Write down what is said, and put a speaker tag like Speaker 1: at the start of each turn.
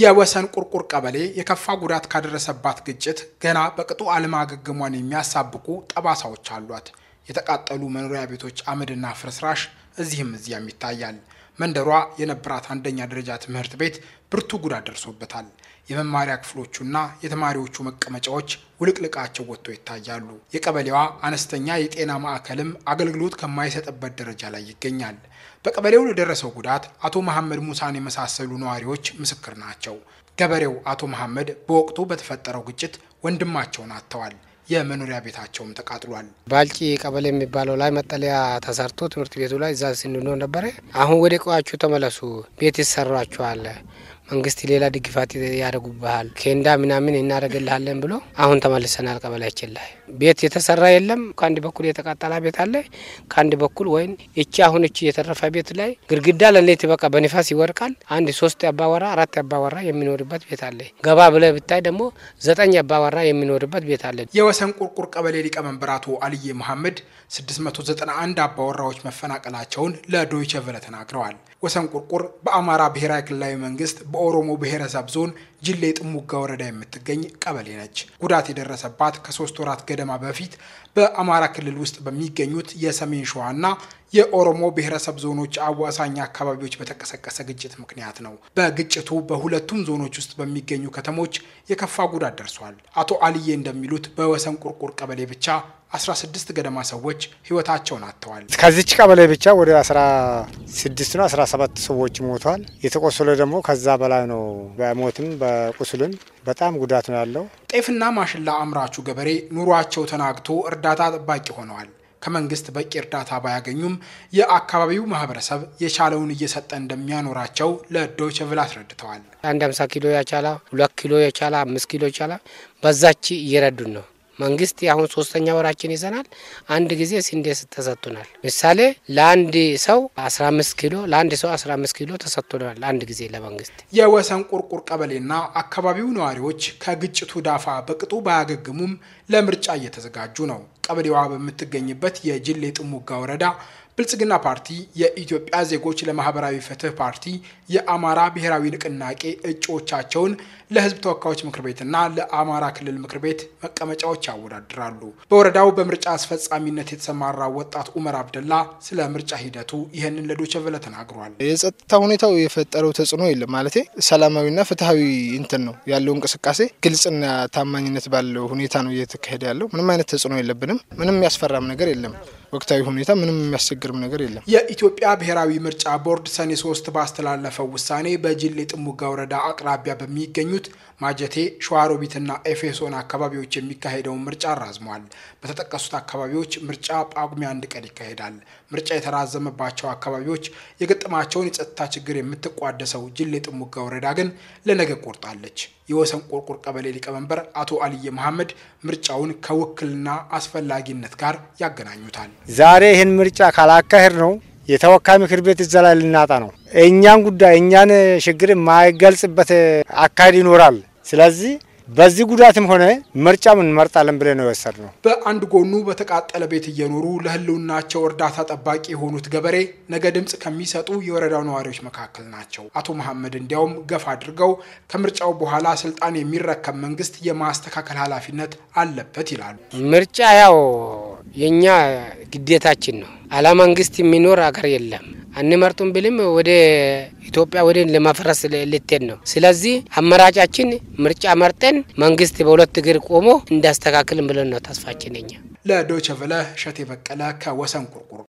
Speaker 1: የወሰን ቁርቁር ቀበሌ የከፋ ጉዳት ካደረሰባት ግጭት ገና በቅጡ አለማገገሟን የሚያሳብቁ ጠባሳዎች አሏት። የተቃጠሉ መኖሪያ ቤቶች አመድና ፍርስራሽ እዚህም እዚያም ይታያል። መንደሯ የነበራት አንደኛ ደረጃ ትምህርት ቤት ብርቱ ጉዳት ደርሶበታል። የመማሪያ ክፍሎቹና የተማሪዎቹ መቀመጫዎች ውልቅልቃቸው ወጥቶ ይታያሉ። የቀበሌዋ አነስተኛ የጤና ማዕከልም አገልግሎት ከማይሰጥበት ደረጃ ላይ ይገኛል። በቀበሌው ለደረሰው ጉዳት አቶ መሐመድ ሙሳን የመሳሰሉ ነዋሪዎች ምስክር ናቸው። ገበሬው አቶ መሐመድ በወቅቱ በተፈጠረው ግጭት ወንድማቸውን አጥተዋል። የመኖሪያ ቤታቸውም ተቃጥሏል።
Speaker 2: ባልጪ ቀበሌ የሚባለው ላይ መጠለያ ተሰርቶ ትምህርት ቤቱ ላይ እዛ ስንኖር ነበረ። አሁን ወደ ቀያችሁ ተመለሱ፣ ቤት ይሰራችኋል መንግስት ሌላ ድግፋት ያደርጉብሃል፣ ኬንዳ ምናምን እናደርግልሃለን ብሎ አሁን ተመልሰናል። ቀበላችን ላይ ቤት የተሰራ የለም። ከአንድ በኩል የተቃጠላ ቤት አለ፣ ከአንድ በኩል ወይም እቺ አሁን እቺ የተረፈ ቤት ላይ ግድግዳ ለሌት በቃ በንፋስ ይወርቃል። አንድ ሶስት አባወራ አራት አባወራ የሚኖርበት ቤት አለ። ገባ ብለ ብታይ ደግሞ ዘጠኝ አባወራ የሚኖርበት ቤት አለ። የወሰን
Speaker 1: ቁርቁር ቀበሌ ሊቀመንበር አቶ አልዬ መሐመድ 691 አባወራዎች መፈናቀላቸውን ለዶይቸ ቨለ ተናግረዋል። ወሰን ቁርቁር በአማራ ብሔራዊ ክልላዊ መንግስት በኦሮሞ ብሔረሰብ ዞን ጅሌ ጥሙጋ ወረዳ የምትገኝ ቀበሌ ነች። ጉዳት የደረሰባት ከሶስት ወራት ገደማ በፊት በአማራ ክልል ውስጥ በሚገኙት የሰሜን ሸዋና የኦሮሞ ብሔረሰብ ዞኖች አዋሳኝ አካባቢዎች በተቀሰቀሰ ግጭት ምክንያት ነው። በግጭቱ በሁለቱም ዞኖች ውስጥ በሚገኙ ከተሞች የከፋ ጉዳት ደርሷል። አቶ አልዬ እንደሚሉት በወሰን ቁርቁር ቀበሌ ብቻ 16 ገደማ ሰዎች ህይወታቸውን አጥተዋል። ከዚች
Speaker 3: ቀበሌ ብቻ ወደ 16 ነው 17 ሰዎች ሞተዋል። የተቆሰለ ደግሞ ከዛ በላይ ነው። በሞትም በቁስልም በጣም ጉዳት ነው ያለው።
Speaker 1: ጤፍና ማሽላ አምራቹ ገበሬ ኑሯቸው ተናግቶ እርዳታ ጠባቂ ሆነዋል። ከመንግስት በቂ እርዳታ ባያገኙም የአካባቢው
Speaker 2: ማህበረሰብ የቻለውን እየሰጠ እንደሚያኖራቸው ለዶይቼ ቬለ አስረድተዋል። አንድ 50 ኪሎ ያቻላ፣ ሁለት ኪሎ ያቻላ፣ አምስት ኪሎ ያቻላ በዛች እየረዱን ነው መንግስት አሁን ሶስተኛ ወራችን ይዘናል። አንድ ጊዜ ስንዴ ተሰጥቶናል። ምሳሌ ለአንድ ሰው 15 ኪሎ ለአንድ ሰው 15 ኪሎ ተሰጥቶናል አንድ ጊዜ ለመንግስት።
Speaker 1: የወሰን ቁርቁር ቀበሌና አካባቢው ነዋሪዎች ከግጭቱ ዳፋ በቅጡ ባያገግሙም ለምርጫ እየተዘጋጁ ነው። ቀበሌዋ በምትገኝበት የጅሌ ጥሙጋ ወረዳ ብልጽግና ፓርቲ የኢትዮጵያ ዜጎች ለማህበራዊ ፍትህ ፓርቲ የአማራ ብሔራዊ ንቅናቄ እጩዎቻቸውን ለህዝብ ተወካዮች ምክር ቤትና ለአማራ ክልል ምክር ቤት መቀመጫዎች ያወዳድራሉ። በወረዳው በምርጫ አስፈጻሚነት የተሰማራው ወጣት ኡመር አብደላ ስለ ምርጫ ሂደቱ ይህንን ለዶቸቨለ ተናግሯል። የጸጥታ ሁኔታው የፈጠረው ተጽዕኖ የለም ማለት ሰላማዊና ፍትሐዊ እንትን ነው ያለው እንቅስቃሴ ግልጽና ታማኝነት ባለው ሁኔታ ነው እየተካሄደ ያለው። ምንም አይነት ተጽዕኖ የለብንም። ምንም ያስፈራም ነገር የለም። ወቅታዊ ሁኔታ ምንም የሚያስቸግ ችግርም ነገር የለም። የኢትዮጵያ ብሔራዊ ምርጫ ቦርድ ሰኔ ሶስት ባስተላለፈው ውሳኔ በጅሌ ጥሙጋ ወረዳ አቅራቢያ በሚገኙት ማጀቴ፣ ሸዋሮቢትና ኤፌሶን አካባቢዎች የሚካሄደውን ምርጫ አራዝሟል። በተጠቀሱት አካባቢዎች ምርጫ ጳጉሜ አንድ ቀን ይካሄዳል። ምርጫ የተራዘመባቸው አካባቢዎች የገጠማቸውን የጸጥታ ችግር የምትቋደሰው ጅሌ ጥሙጋ ወረዳ ግን ለነገ ቆርጣለች። የወሰን ቆርቁር ቀበሌ ሊቀመንበር አቶ አልየ መሐመድ ምርጫውን ከውክልና አስፈላጊነት ጋር ያገናኙታል።
Speaker 3: ዛሬ ይህን ምርጫ ካላ ካላካሄድ ነው የተወካይ ምክር ቤት እዛ ላይ ልናጣ ነው። እኛን ጉዳይ እኛን ችግር የማይገልጽበት አካሄድ ይኖራል። ስለዚህ በዚህ ጉዳትም ሆነ ምርጫም እንመርጣለን ብለን ነው የወሰድነው።
Speaker 1: በአንድ ጎኑ በተቃጠለ ቤት እየኖሩ ለህልውናቸው እርዳታ ጠባቂ የሆኑት ገበሬ ነገ ድምፅ ከሚሰጡ የወረዳው ነዋሪዎች መካከል ናቸው። አቶ መሐመድ እንዲያውም ገፍ አድርገው ከምርጫው በኋላ ስልጣን የሚረከብ መንግስት የማስተካከል ኃላፊነት አለበት ይላሉ።
Speaker 2: ምርጫ ያው የእኛ ግዴታችን ነው። አላ መንግስት የሚኖር አገር የለም። አንመርጡም ብልም ወደ ኢትዮጵያ ወደ ለማፍረስ ልትሄድ ነው። ስለዚህ አማራጫችን ምርጫ መርጠን መንግስት በሁለት እግር ቆሞ እንዳስተካክልም ብለን ነው ተስፋችን። ኛ
Speaker 1: ለዶቸቨለ እሸቴ በቀለ ከወሰን ቁርቁር